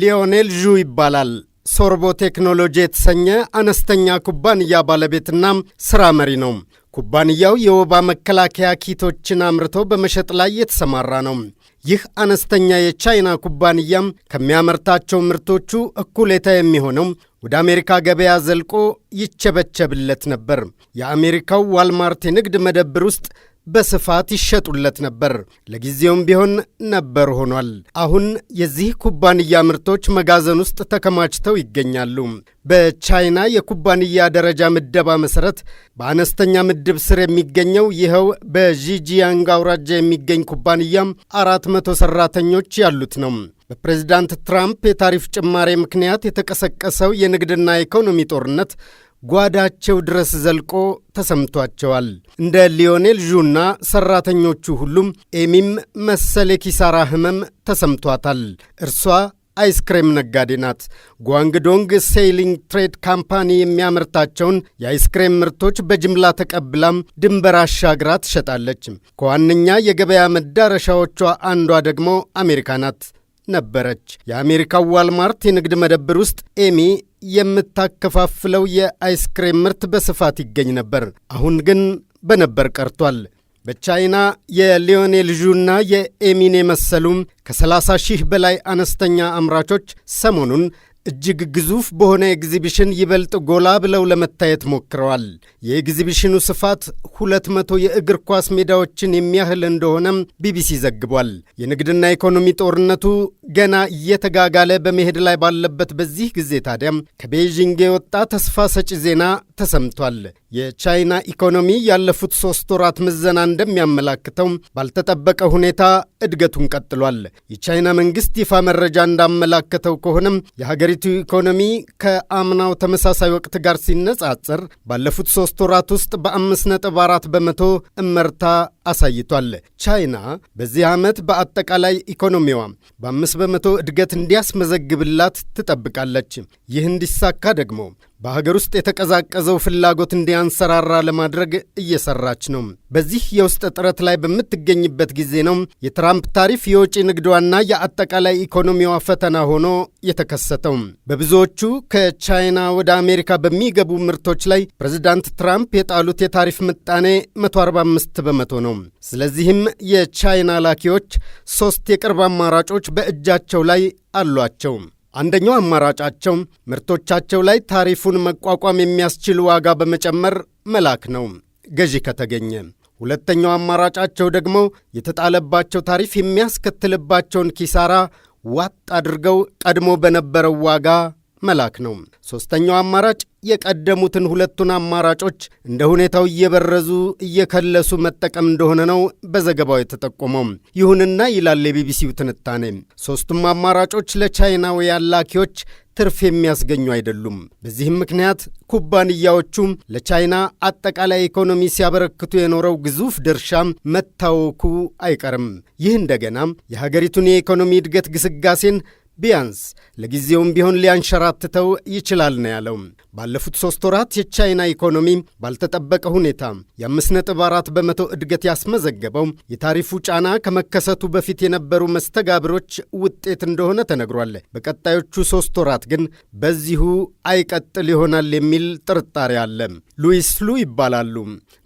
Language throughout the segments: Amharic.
ሊዮኔል ዡ ይባላል። ሶርቦ ቴክኖሎጂ የተሰኘ አነስተኛ ኩባንያ ባለቤትና ስራ መሪ ነው። ኩባንያው የወባ መከላከያ ኪቶችን አምርቶ በመሸጥ ላይ የተሰማራ ነው። ይህ አነስተኛ የቻይና ኩባንያም ከሚያመርታቸው ምርቶቹ እኩሌታ የሚሆነው ወደ አሜሪካ ገበያ ዘልቆ ይቸበቸብለት ነበር። የአሜሪካው ዋልማርት የንግድ መደብር ውስጥ በስፋት ይሸጡለት ነበር። ለጊዜውም ቢሆን ነበር ሆኗል። አሁን የዚህ ኩባንያ ምርቶች መጋዘን ውስጥ ተከማችተው ይገኛሉ። በቻይና የኩባንያ ደረጃ ምደባ መሰረት በአነስተኛ ምድብ ስር የሚገኘው ይኸው በዢጂያንግ አውራጃ የሚገኝ ኩባንያም አራት መቶ ሰራተኞች ያሉት ነው። በፕሬዝዳንት ትራምፕ የታሪፍ ጭማሬ ምክንያት የተቀሰቀሰው የንግድና ኢኮኖሚ ጦርነት ጓዳቸው ድረስ ዘልቆ ተሰምቷቸዋል። እንደ ሊዮኔል ዡና ሰራተኞቹ ሁሉም ኤሚም መሰል የኪሳራ ህመም ተሰምቷታል። እርሷ አይስክሬም ነጋዴ ናት። ጓንግዶንግ ሴይሊንግ ትሬድ ካምፓኒ የሚያመርታቸውን የአይስክሬም ምርቶች በጅምላ ተቀብላም ድንበር አሻግራ ትሸጣለች። ከዋነኛ የገበያ መዳረሻዎቿ አንዷ ደግሞ አሜሪካ ናት። ነበረች። የአሜሪካው ዋልማርት የንግድ መደብር ውስጥ ኤሚ የምታከፋፍለው የአይስክሬም ምርት በስፋት ይገኝ ነበር። አሁን ግን በነበር ቀርቷል። በቻይና የሊዮኔል ዡና የኤሚን የመሰሉም ከ30 ሺህ በላይ አነስተኛ አምራቾች ሰሞኑን እጅግ ግዙፍ በሆነ ኤግዚቢሽን ይበልጥ ጎላ ብለው ለመታየት ሞክረዋል። የኤግዚቢሽኑ ስፋት 200 የእግር ኳስ ሜዳዎችን የሚያህል እንደሆነም ቢቢሲ ዘግቧል። የንግድና ኢኮኖሚ ጦርነቱ ገና እየተጋጋለ በመሄድ ላይ ባለበት በዚህ ጊዜ ታዲያም ከቤይዥንግ የወጣ ተስፋ ሰጪ ዜና ተሰምቷል። የቻይና ኢኮኖሚ ያለፉት ሶስት ወራት ምዘና እንደሚያመላክተው ባልተጠበቀ ሁኔታ እድገቱን ቀጥሏል። የቻይና መንግስት ይፋ መረጃ እንዳመላከተው ከሆነም የሀገሪቱ ኢኮኖሚ ከአምናው ተመሳሳይ ወቅት ጋር ሲነጻጸር ባለፉት ሶስት ወራት ውስጥ በአምስት ነጥብ አራት በመቶ እመርታ አሳይቷል። ቻይና በዚህ ዓመት በአጠቃላይ ኢኮኖሚዋ በአምስት በመቶ እድገት እንዲያስመዘግብላት ትጠብቃለች። ይህ እንዲሳካ ደግሞ በሀገር ውስጥ የተቀዛቀዘው ፍላጎት እንዲያንሰራራ ለማድረግ እየሰራች ነው። በዚህ የውስጥ ጥረት ላይ በምትገኝበት ጊዜ ነው የትራምፕ ታሪፍ የውጭ ንግዷና የአጠቃላይ ኢኮኖሚዋ ፈተና ሆኖ የተከሰተው። በብዙዎቹ ከቻይና ወደ አሜሪካ በሚገቡ ምርቶች ላይ ፕሬዚዳንት ትራምፕ የጣሉት የታሪፍ ምጣኔ 145 በመቶ ነው። ስለዚህም የቻይና ላኪዎች ሦስት የቅርብ አማራጮች በእጃቸው ላይ አሏቸው። አንደኛው አማራጫቸው ምርቶቻቸው ላይ ታሪፉን መቋቋም የሚያስችል ዋጋ በመጨመር መላክ ነው፣ ገዢ ከተገኘ። ሁለተኛው አማራጫቸው ደግሞ የተጣለባቸው ታሪፍ የሚያስከትልባቸውን ኪሳራ ዋጥ አድርገው ቀድሞ በነበረው ዋጋ መላክ ነው። ሦስተኛው አማራጭ የቀደሙትን ሁለቱን አማራጮች እንደ ሁኔታው እየበረዙ እየከለሱ መጠቀም እንደሆነ ነው በዘገባው የተጠቆመው። ይሁንና ይላል የቢቢሲው ትንታኔ፣ ሦስቱም አማራጮች ለቻይናውያን ላኪዎች ትርፍ የሚያስገኙ አይደሉም። በዚህም ምክንያት ኩባንያዎቹ ለቻይና አጠቃላይ ኢኮኖሚ ሲያበረክቱ የኖረው ግዙፍ ድርሻ መታወኩ አይቀርም። ይህ እንደገና የሀገሪቱን የኢኮኖሚ እድገት ግስጋሴን ቢያንስ ለጊዜውም ቢሆን ሊያንሸራትተው ይችላል ነው ያለው። ባለፉት ሶስት ወራት የቻይና ኢኮኖሚ ባልተጠበቀ ሁኔታ የአምስት ነጥብ አራት በመቶ እድገት ያስመዘገበው የታሪፉ ጫና ከመከሰቱ በፊት የነበሩ መስተጋብሮች ውጤት እንደሆነ ተነግሯል። በቀጣዮቹ ሶስት ወራት ግን በዚሁ አይቀጥል ይሆናል የሚል ጥርጣሬ አለ። ሉዊስ ሉ ይባላሉ።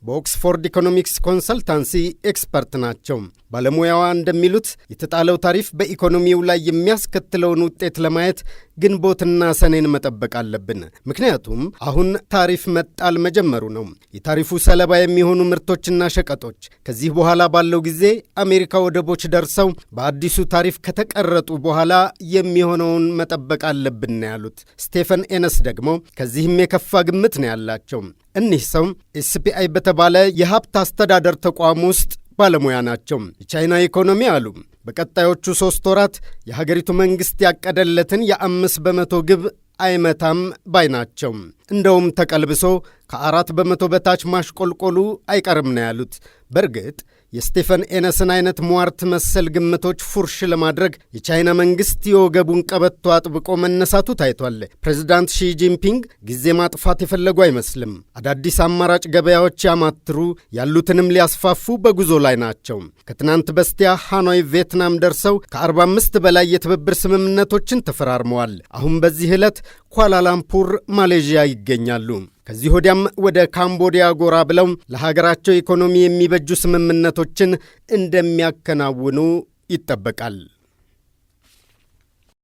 በኦክስፎርድ ኢኮኖሚክስ ኮንሰልታንሲ ኤክስፐርት ናቸው። ባለሙያዋ እንደሚሉት የተጣለው ታሪፍ በኢኮኖሚው ላይ የሚያስከትል የሚመስለውን ውጤት ለማየት ግንቦትና ሰኔን መጠበቅ አለብን። ምክንያቱም አሁን ታሪፍ መጣል መጀመሩ ነው። የታሪፉ ሰለባ የሚሆኑ ምርቶችና ሸቀጦች ከዚህ በኋላ ባለው ጊዜ አሜሪካ ወደቦች ደርሰው በአዲሱ ታሪፍ ከተቀረጡ በኋላ የሚሆነውን መጠበቅ አለብን ያሉት። ስቴፈን ኤነስ ደግሞ ከዚህም የከፋ ግምት ነው ያላቸው። እኒህ ሰው ኤስፒአይ በተባለ የሀብት አስተዳደር ተቋም ውስጥ ባለሙያ ናቸው። የቻይና ኢኮኖሚ አሉ በቀጣዮቹ ሦስት ወራት የሀገሪቱ መንግሥት ያቀደለትን የአምስት በመቶ ግብ አይመታም ባይ ናቸው። እንደውም ተቀልብሶ ከአራት በመቶ በታች ማሽቆልቆሉ አይቀርም ነው ያሉት። በእርግጥ የስቴፈን ኤነስን አይነት ሟርት መሰል ግምቶች ፉርሽ ለማድረግ የቻይና መንግስት የወገቡን ቀበቶ አጥብቆ መነሳቱ ታይቷል። ፕሬዚዳንት ሺጂንፒንግ ጊዜ ማጥፋት የፈለጉ አይመስልም። አዳዲስ አማራጭ ገበያዎች ያማትሩ፣ ያሉትንም ሊያስፋፉ በጉዞ ላይ ናቸው። ከትናንት በስቲያ ሃኖይ ቪየትናም ደርሰው ከ45 በላይ የትብብር ስምምነቶችን ተፈራርመዋል። አሁን በዚህ ዕለት ኳላላምፑር ማሌዥያ ይገኛሉ። ከዚህ ወዲያም ወደ ካምቦዲያ ጎራ ብለው ለሀገራቸው ኢኮኖሚ የሚበጁ ስምምነቶችን እንደሚያከናውኑ ይጠበቃል።